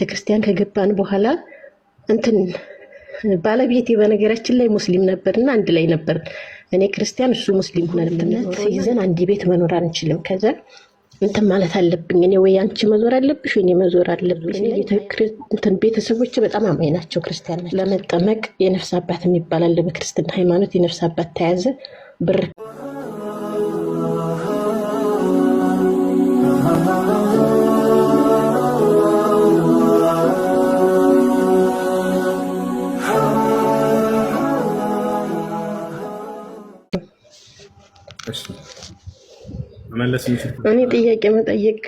ቤተክርስቲያን ከገባን በኋላ እንትን ባለቤቴ በነገራችን ላይ ሙስሊም ነበርና አንድ ላይ ነበር። እኔ ክርስቲያን፣ እሱ ሙስሊም ሆነን እምነት ይዘን አንድ ቤት መኖር አንችልም። ከዛ እንትን ማለት አለብኝ እኔ ወይ አንቺ መዞር አለብሽ ወይ መዞር አለብኝ። ቤተሰቦች በጣም አማኝ ናቸው፣ ክርስቲያን ናቸው። ለመጠመቅ የነፍስ አባት የሚባል አለ በክርስትና ሃይማኖት። የነፍስ አባት ተያዘ ብር እኔ ጥያቄ መጠየቅ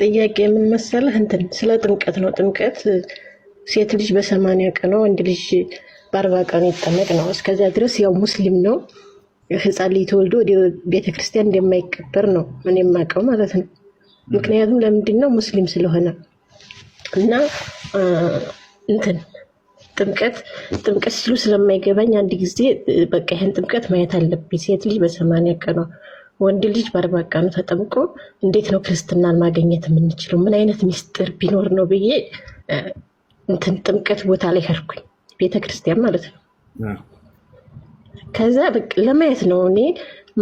ጥያቄ ምን እንትን ስለ ጥምቀት ነው። ጥምቀት ሴት ልጅ በሰማንያ ቀኗ ወንድ ልጅ በአርባ ቀኑ ይጠመቅ ነው። እስከዚያ ድረስ ያው ሙስሊም ነው። ህፃን ልጅ ተወልዶ ወደ ቤተክርስቲያን እንደማይቀበር ነው እኔ የማውቀው ማለት ነው። ምክንያቱም ለምንድን ነው ሙስሊም ስለሆነ እና እንትን ጥምቀት ጥምቀት ሲሉ ስለማይገባኝ አንድ ጊዜ በቃ ይህን ጥምቀት ማየት አለብኝ። ሴት ልጅ በሰማንያ ቀኗ ወንድ ልጅ በአርባ ቀኑ ተጠምቆ እንዴት ነው ክርስትናን ማገኘት የምንችለው? ምን አይነት ሚስጥር ቢኖር ነው ብዬ እንትን ጥምቀት ቦታ ላይ ሄድኩኝ፣ ቤተክርስቲያን ማለት ነው። ከዛ ለማየት ነው እኔ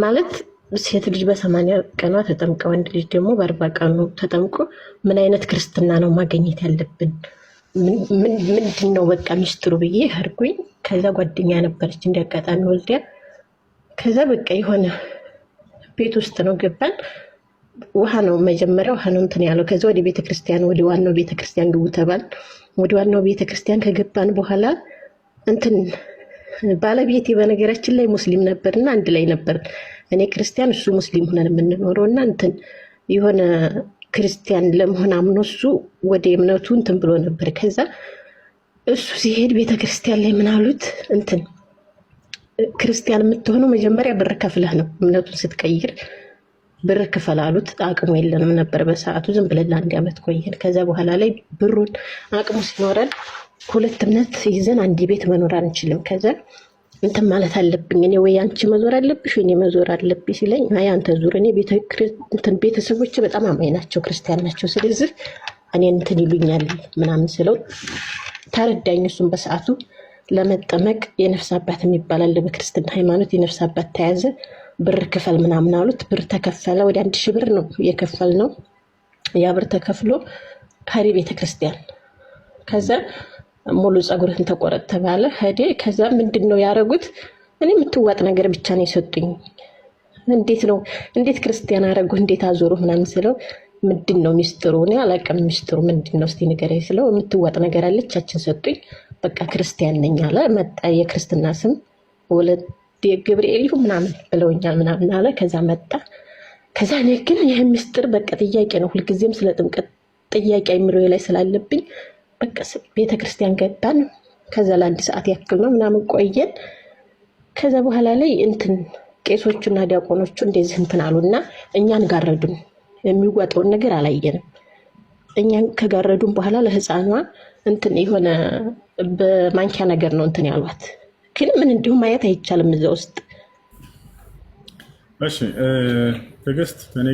ማለት ሴት ልጅ በሰማንያ ቀኗ ተጠምቀ ወንድ ልጅ ደግሞ በአርባ ቀኑ ተጠምቆ ምን አይነት ክርስትና ነው ማገኘት ያለብን ምንድን ነው በቃ ሚስትሩ ብዬ አድርጉኝ። ከዛ ጓደኛ ነበረች እንዲያጋጣሚ ወልዲያ። ከዛ በቃ የሆነ ቤት ውስጥ ነው ገባን። ውሃ ነው መጀመሪያ ውሃ ነው እንትን ያለው። ከዚ ወደ ቤተክርስቲያን ወደ ዋናው ቤተክርስቲያን ግቡ ተባል። ወደ ዋናው ቤተክርስቲያን ከገባን በኋላ እንትን ባለቤቴ በነገራችን ላይ ሙስሊም ነበርና አንድ ላይ ነበር። እኔ ክርስቲያን እሱ ሙስሊም ሆነን የምንኖረው እና እንትን የሆነ ክርስቲያን ለመሆን አምኖ እሱ ወደ እምነቱ እንትን ብሎ ነበር። ከዛ እሱ ሲሄድ ቤተክርስቲያን ላይ ምን አሉት እንትን ክርስቲያን የምትሆነው መጀመሪያ ብር ከፍለህ ነው፣ እምነቱን ስትቀይር ብር ክፈል አሉት። አቅሙ የለንም ነበር በሰዓቱ። ዝም ብለን ለአንድ ዓመት ቆየን። ከዛ በኋላ ላይ ብሩን አቅሙ ሲኖረን ሁለት እምነት ይዘን አንድ ቤት መኖር አንችልም። ከዛ እንትን ማለት አለብኝ እኔ ወይ አንቺ መዞር አለብሽ ወይ መዞር አለብኝ ሲለኝ አይ አንተ ዙር። እኔ ቤተሰቦች በጣም አማኝ ናቸው፣ ክርስቲያን ናቸው። ስለዚህ እኔ እንትን ይሉኛል ምናምን ስለው ተረዳኝ። እሱም በሰዓቱ ለመጠመቅ የነፍስ አባት የሚባል አለ በክርስትና ሃይማኖት። የነፍስ አባት ተያዘ፣ ብር ክፈል ምናምን አሉት። ብር ተከፈለ። ወደ አንድ ሺህ ብር ነው የከፈል ነው። ያ ብር ተከፍሎ ሀሪ ቤተክርስቲያን ከዛ ሙሉ ፀጉርህን ተቆረጥ ተባለ። ሄዴ ከዛ ምንድን ነው ያደረጉት? እኔ የምትዋጥ ነገር ብቻ ነው የሰጡኝ። እንዴት ነው እንዴት ክርስቲያን አደረጉ እንዴት አዞሩ ምናምን ስለው ምንድን ነው ሚስጥሩ? እኔ አላውቅም ሚስጥሩ ምንድን ነው እስኪ ንገረኝ ስለው የምትዋጥ ነገር አለቻችን ሰጡኝ። በቃ ክርስቲያን ነኝ አለ። መጣ የክርስትና ስም ወለድ ገብርኤል ይሁን ምናምን ብለውኛል ምናምን አለ። ከዛ መጣ። ከዛ እኔ ግን ይህ ሚስጥር በቃ ጥያቄ ነው ሁልጊዜም ስለ ጥምቀት ጥያቄ አይምሮ ላይ ስላለብኝ በቃ ቤተ ክርስቲያን ገባን። ከዛ ለአንድ ሰዓት ያክል ነው ምናምን ቆየን። ከዛ በኋላ ላይ እንትን ቄሶቹና ዲያቆኖቹ እንደዚህ እንትን አሉና እኛን ጋረዱን። የሚዋጠውን ነገር አላየንም። እኛን ከጋረዱን በኋላ ለህፃኗ እንትን የሆነ በማንኪያ ነገር ነው እንትን ያሏት። ግን ምን እንዲሁም ማየት አይቻልም እዛ ውስጥ። እሺ ትዕግስት፣ እኔ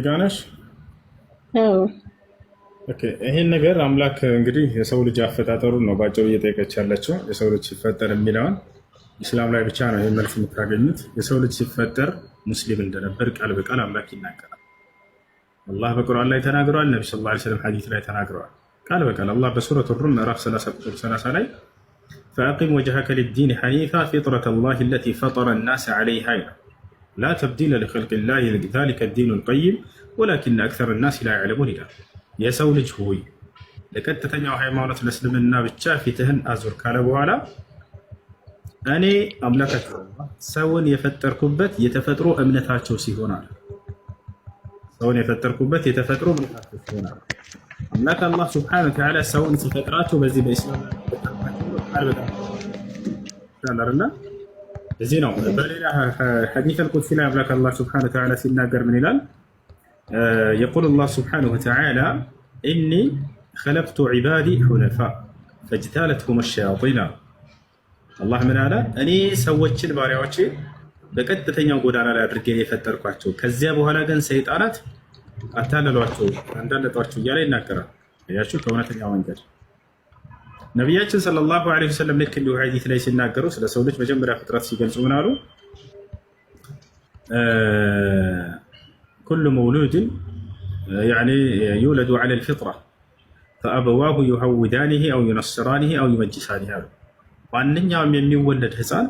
ይህን ነገር አምላክ እንግዲህ የሰው ልጅ አፈጣጠሩን ነው ባጭሩ እየጠየቀች ያለችው። የሰው ልጅ ሲፈጠር የሚለውን ኢስላም ላይ ብቻ ነው ይህ መልስ የምታገኙት። የሰው ልጅ ሲፈጠር ሙስሊም እንደነበር ቃል በቃል አምላክ ይናገራል። አላህ በቁርአን ላይ ተናግረዋል። ነቢ ስ ላ ስለም ሐዲት ላይ ተናግረዋል። ቃል በቃል አላህ በሱረት ሩም ምዕራፍ 30 ላይ ፈአቂም ወጅሃከ ሊዲን ሐኒፋ ፊጥረት ላህ ለቲ ፈጠረ ናስ ዓለይሃ ይላል። ላ ተብዲለ ሊኸልቅ ላህ ዛሊከ ዲኑ ልቀይም ወላኪን አክሰር ናስ ላ ያዕለሙን ይላል የሰው ልጅ ሆይ ለቀጥተኛው ሃይማኖት ለእስልምና ብቻ ፊትህን አዙር ካለ በኋላ እኔ አምላካቸው ሰውን የፈጠርኩበት የተፈጥሮ እምነታቸው ሲሆናል። ሰውን የፈጠርኩበት የተፈጥሮ እምነታቸው ሲሆናል። አምላክ አላህ ስብሐነሁ ወተዓላ ሰውን ሲፈጥራቸው በዚህ በኢስላም በዚህ ነው። በሌላ ሐዲስ አልቁድሲ ላይ አምላክ አላህ ስብሐነሁ ወተዓላ ሲናገር ምን ይላል? የቁል አላህ ስብሓነሁ ወተዓላ እኒ ከለቅቱ ዒባዲ ሑነፋ ፈጅታለትሁም ሸያጢና አላህ ምን አለ? እኔ ሰዎችን ባሪያዎቼ በቀጥተኛው ጎዳና ላይ አድርጌ የፈጠርኳቸው ከዚያ በኋላ ግን ሰይጣናት አታለሏቸው፣ አንዳለጧቸው እያለ ይናገራል። ያችሁ ከእውነተኛው መንገድ ነቢያችን ሰለላሁ ዐለይሂ ወሰለም ልክ እንዲሁ ሐዲት ላይ ሲናገሩ ስለ ሰው ልጅ መጀመሪያ ፍጥረት ሲገልጹ ምን አሉ? ኩሉ መውሉድን ዩውለዱ ዓለል ፊጥራ ፈአበዋሁ ዩሀውዳኒህ አው ዩነስራኒህ አው ዩመጅሳኒህ አሉ። ማንኛውም የሚወለድ ህፃን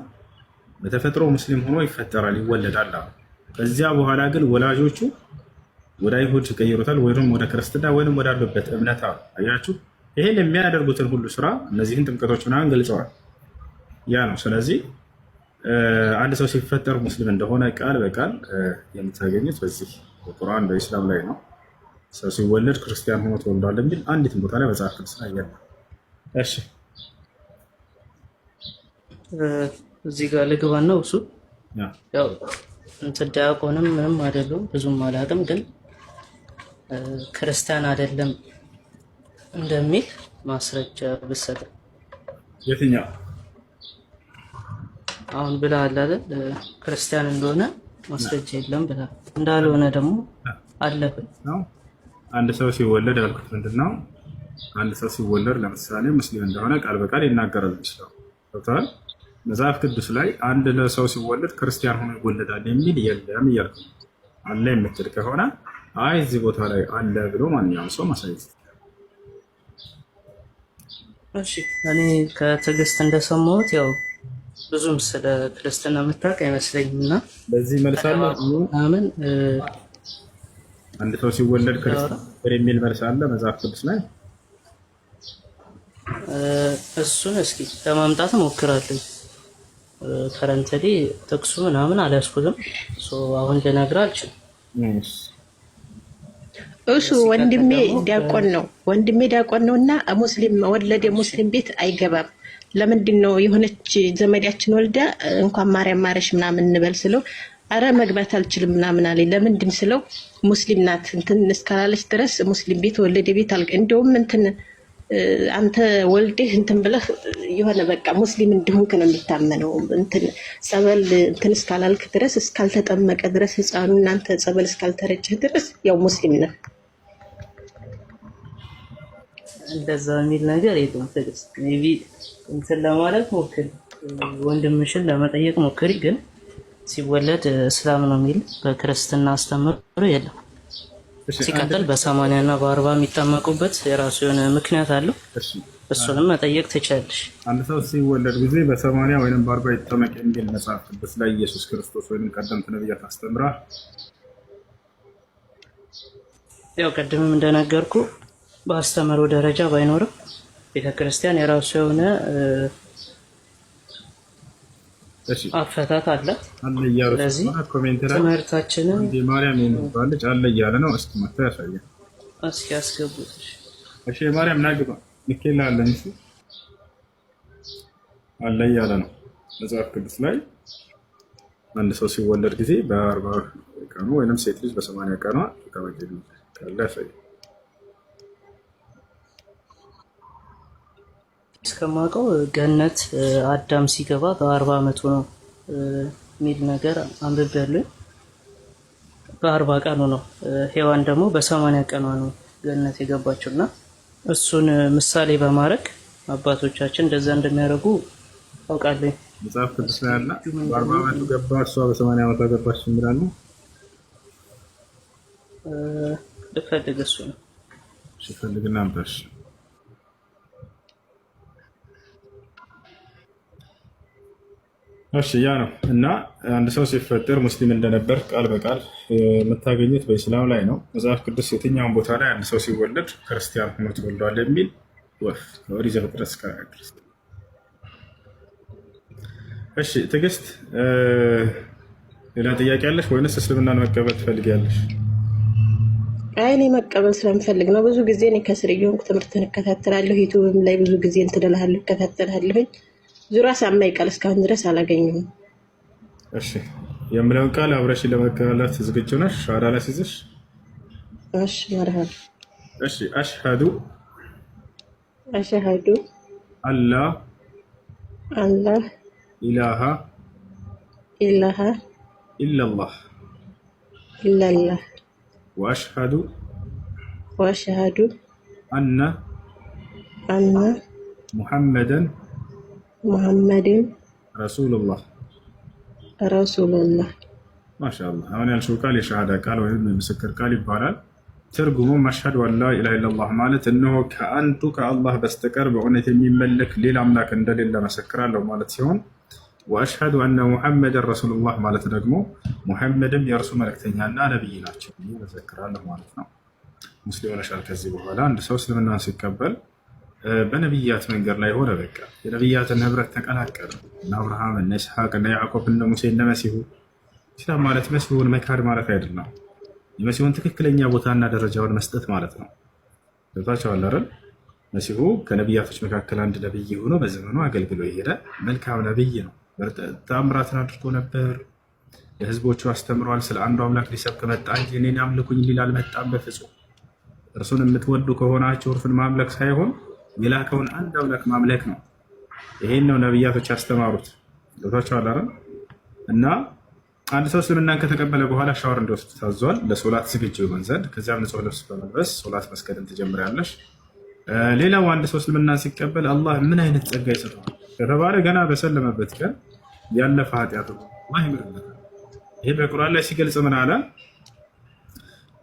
በተፈጥሮ ሙስሊም ሆኖ ይፈጠራል፣ ይወለዳል። ከዚያ በኋላ ግን ወላጆቹ ወደ አይሁድ ይቀይሩታል፣ ወይም ወደ ክርስትና ወይም ወዳሉበት እምነት አሉ። አያችሁ፣ ይህን የሚያደርጉትን ሁሉ ስራ እነዚህን ጥምቀቶች ምናምን ገልጸዋል። ያ ነው። ስለዚህ አንድ ሰው ሲፈጠር ሙስሊም እንደሆነ ቃል በቃል የምታገኙት በዚህ ቁርአን በኢስላም ላይ ነው። ሰው ሲወለድ ክርስቲያን ሆኖ ተወልዷል የሚል አንዲትም ቦታ ላይ መጽሐፍ ቅዱስ ላይ የለም። እሺ እዚህ ጋር ልግባን ነው እሱ ያው እንትን ዲያቆንም ምንም አይደለም ብዙም አላውቅም፣ ግን ክርስቲያን አይደለም እንደሚል ማስረጃ ብሰጥ የትኛው አሁን ብለሃል አይደል ክርስቲያን እንደሆነ ማስረጃ የለም ብላ እንዳልሆነ ደግሞ አለብን። አንድ ሰው ሲወለድ ያልኩት ምንድን ነው? አንድ ሰው ሲወለድ ለምሳሌ ሙስሊም እንደሆነ ቃል በቃል ይናገራል። ይችላል ገብተዋል። መጽሐፍ ቅዱስ ላይ አንድ ለሰው ሲወለድ ክርስቲያን ሆኖ ይወለዳል የሚል የለም እያልኩ አለ የምትል ከሆነ አይ እዚህ ቦታ ላይ አለ ብሎ ማንኛውም ሰው ማሳየት። እኔ ከትዕግስት እንደሰማሁት ያው ብዙም ስለ ክርስትና የምታውቅ አይመስለኝም። እና በዚህ መልስ አለ ምን አንድ ሰው ሲወለድ ክርስቲያን የሚል መልስ አለ መጽሐፍ ቅዱስ ላይ። እሱን እስኪ ለማምጣት ሞክራለሁ። ከረንተዴ ጥቅሱ ምናምን አልያዝኩትም። አሁን ልነግርህ አልችልም። እሱ ወንድሜ ዲያቆን ነው። ወንድሜ ዲያቆን ነው እና ሙስሊም ወለደ ሙስሊም ቤት አይገባም። ለምንድን ነው የሆነች ዘመዳችን ወልዳ እንኳን ማርያም ማረሽ ምናምን እንበል ስለው አረ መግባት አልችልም ምናምን አለ። ለምንድን ስለው ሙስሊም ናት እንትን እስካላለች ድረስ ሙስሊም ቤት ወለደ ቤት አል እንደውም እንትን አንተ ወልዴህ እንትን ብለህ የሆነ በቃ ሙስሊም እንደሆንክ ነው የሚታመነው። እንትን ጸበል እንትን እስካላልክ ድረስ እስካልተጠመቀ ድረስ ህፃኑ እናንተ ጸበል እስካልተረጨህ ድረስ ያው ሙስሊም ነ። እንደዛ የሚል ነገር የለም። ትዕግስት ቢ እንትን ለማለት ሞክሪ፣ ወንድምሽን ለመጠየቅ ሞክሪ። ግን ሲወለድ እስላም ነው የሚል በክርስትና አስተምሮ የለም። ሲቀጥል በሰማንያ እና በአርባ የሚጠመቁበት የራሱ የሆነ ምክንያት አለው። እሱንም መጠየቅ ትችላለሽ። አንድ ሰው ሲወለድ ጊዜ በሰማንያ ወይም በአርባ ይጠመቅ የሚል መጽሐፍ ቅዱስ ላይ ኢየሱስ ክርስቶስ ወይም ቀደምት ነቢያት አስተምራል። ያው ቅድምም እንደነገርኩ በአስተምሮ ደረጃ ባይኖርም ቤተክርስቲያን የራሱ የሆነ አፈታት አለ አለ እያሉ ስለዚህ ትምህርታችንን ማርያም የሚባለች አለ እያለ ነው። እስኪ መጥቶ ያሳያል። እስኪ አስገቡት። እሺ ማርያም ናግባ ሚኬላ አለ አለ እያለ ነው መጽሐፍ ቅዱስ ላይ አንድ ሰው ሲወለድ ጊዜ በአርባ ቀኑ ወይም ሴት ልጅ በሰማንያ ቀኗ ተቀበጀ ያሳያል። እስከማውቀው ገነት አዳም ሲገባ በአርባ ዓመቱ ነው የሚል ነገር አንብቤያለሁ። በአርባ ቀኑ ነው። ሔዋን ደግሞ በሰማንያ ቀኗ ነው ገነት የገባችው እና እሱን ምሳሌ በማድረግ አባቶቻችን እንደዛ እንደሚያደርጉ አውቃለሁ። መጽሐፍ ቅዱስ ላይ አለ። በአርባ ዓመቱ ገባ እሷ በሰማንያ ዓመቷ ገባች ይላሉ። ልፈልግ እሱ ነው ልፈልግና ምታሽ እሺ ያ ነው እና አንድ ሰው ሲፈጠር ሙስሊም እንደነበር ቃል በቃል የምታገኙት በኢስላም ላይ ነው። መጽሐፍ ቅዱስ የትኛውን ቦታ ላይ አንድ ሰው ሲወለድ ክርስቲያን ሆኖ ተወልዷል የሚል ወፍ ኦሪት ዘፍጥረት እስከ ድረስ። እሺ ትዕግስት፣ ሌላ ጥያቄ ያለሽ ወይንስ እስልምናን መቀበል ትፈልጊያለሽ? አይ እኔ መቀበል ስለምፈልግ ነው። ብዙ ጊዜ እኔ ከስር እየሆንኩ ትምህርትን እከታተላለሁ። ዩቱብም ላይ ብዙ ጊዜ እንትደልሃለሁ እከታተላለሁኝ ዙራ ሳማኝ ቃል እስካሁን ድረስ አላገኘሁም። እሺ የምለውን ቃል አብረሽ ለመከላላት ዝግጁ ነሽ? ሻራ ላስይዝሽ። እሺ መርሃል። እሺ አሽሃዱ አሽሃዱ አላ አላ ኢላሃ ኢላሃ ኢላላህ ኢላላህ ወአሽሃዱ ወአሽሃዱ አና አና ሙሐመደን ሙሐመድን ረሱሉላህ ረሱሉላህ። ማሻአላህ አሁን ያልሽው ቃል የሸሃዳ ቃል ወይም የምስክር ቃል ይባላል። ትርጉሙ አሽሀዱ አን ላ ኢላሀ ኢለላህ ማለት እነሆ ከአንዱ ከአላህ በስተቀር በእውነት የሚመለክ ሌላ አምላክ እንደሌለ መሰክራለሁ ማለት ሲሆን ወአሽሀዱ አነ ሙሐመድን ረሱሉላህ ማለት ደግሞ ሙሐመድም የእርሱ መልእክተኛና ነቢይ ናቸው መሰክራለሁ ማለት ነው። ሙስሊም ሆነሻል። ከዚህ በኋላ አንድ ሰው እስልምናን ሲቀበል በነቢያት መንገድ ላይ ሆነ። በቃ የነቢያትን ህብረት ተቀላቀለ። እነ አብርሃም፣ እነ ይስሐቅ፣ እነ ያዕቆብ፣ እነ ሙሴ፣ እነ መሲሁ። ኢስላም ማለት መሲሁን መካድ ማለት አይደለም። የመሲሁን ትክክለኛ ቦታና ደረጃውን መስጠት ማለት ነው። ገብታችኋል አይደል? መሲሁ ከነቢያቶች መካከል አንድ ነብይ ሆኖ በዘመኑ አገልግሎ የሄደ መልካም ነብይ ነው። ተአምራትን አድርጎ ነበር። ለህዝቦቹ አስተምሯል። ስለ አንዱ አምላክ ሊሰብክ መጣ እንጂ እኔን አምልኩኝ ሊል አልመጣም በፍጹም። እርሱን የምትወዱ ከሆናችሁ እርሱን ማምለክ ሳይሆን የላከውን አንድ አምላክ ማምለክ ነው። ይሄን ነው ነብያቶች ያስተማሩት። ገብቷቸዋል አይደል? እና አንድ ሰው እስልምናን ከተቀበለ በኋላ ሻወር እንዲወስድ ታዟል፣ ለሶላት ዝግጁ ይሆን ዘንድ። ከዚያም ንጹህ ልብስ በመልበስ ሶላት መስገድን ትጀምሪያለሽ። ሌላው አንድ ሰው እስልምናን ሲቀበል አላህ ምን አይነት ጸጋ ይሰጠዋል ከተባለ ገና በሰለመበት ቀን ያለፈ ኃጢአቱ ይምርለታል። ይሄ በቁርአን ላይ ሲገልጽ ምን አለ?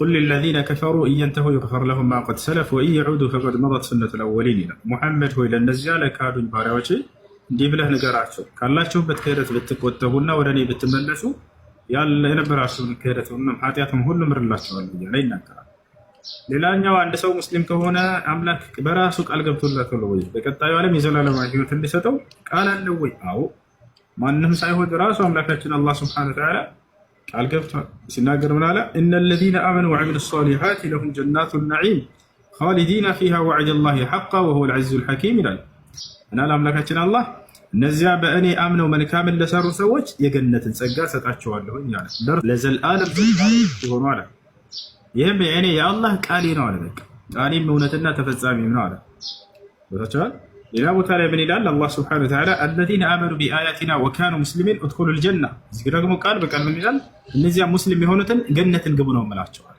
ቁል ለዚነ ከፈሩ እየንተሁ ይክፈር ለሁም ማ ቀድ ሰለፍ ወኢን የዑዱ ፈቀድ መረት ሱነት ልአወሊን ይላል። ሙሐመድ ሆይ ለእነዚያ ለካዱኝ ባሪያዎች እንዲህ ብለህ ንገራቸው ካላችሁበት ክህደት ብትቆጠቡና ወደ እኔ ብትመለሱ የነበራችሁን ክህደትንም ኃጢአትም ሁሉ ምርላቸዋለሁ እያለ ይናገራል። ሌላኛው አንድ ሰው ሙስሊም ከሆነ አምላክ በራሱ ቃል ገብቶላታል ወይ በቀጣዩ ዓለም የዘላለማዊ ህይወት እንዲሰጠው ቃል አለው ወይ? አዎ ማንም ሳይሆን ራሱ አምላካችን አላህ ስብሐነ ወተዓላ ቃል ሲናገር ምን አለ? እነ ለዚነ አመኑ ወዐሚሉ ሷሊሓት ለሁም ጀናቱ ናዒም ኻሊዲና ፊሃ ወዐደ ላሂ ሐቃ ወሁወ ልዐዚዙል ሐኪም ይላል። እና ለአምላካችን አላህ እነዚያ በእኔ አምነው መልካምን ለሰሩ ሰዎች የገነትን ጸጋ ሰጣቸዋለሁ ይላል። ለዘልአለም ሆኑ አለ። ይህም የእኔ የአላህ ቃሌ ነው አለ። በቃ ቃሌም እውነትና ተፈጻሚም ነው አለ። ሌላ ቦታ ላይ ምን ይላል? አላህ ስብሐነሁ ወተዓላ አለዚነ አመኑ ቢአያቲና ወካኑ ሙስሊሚን ኡድኹሉል ጀና። እዚህ ደግሞ ቃል በቃል ምን ይላል? እነዚያ ሙስሊም የሆኑትን ገነትን ግቡ ነው የምላቸዋል።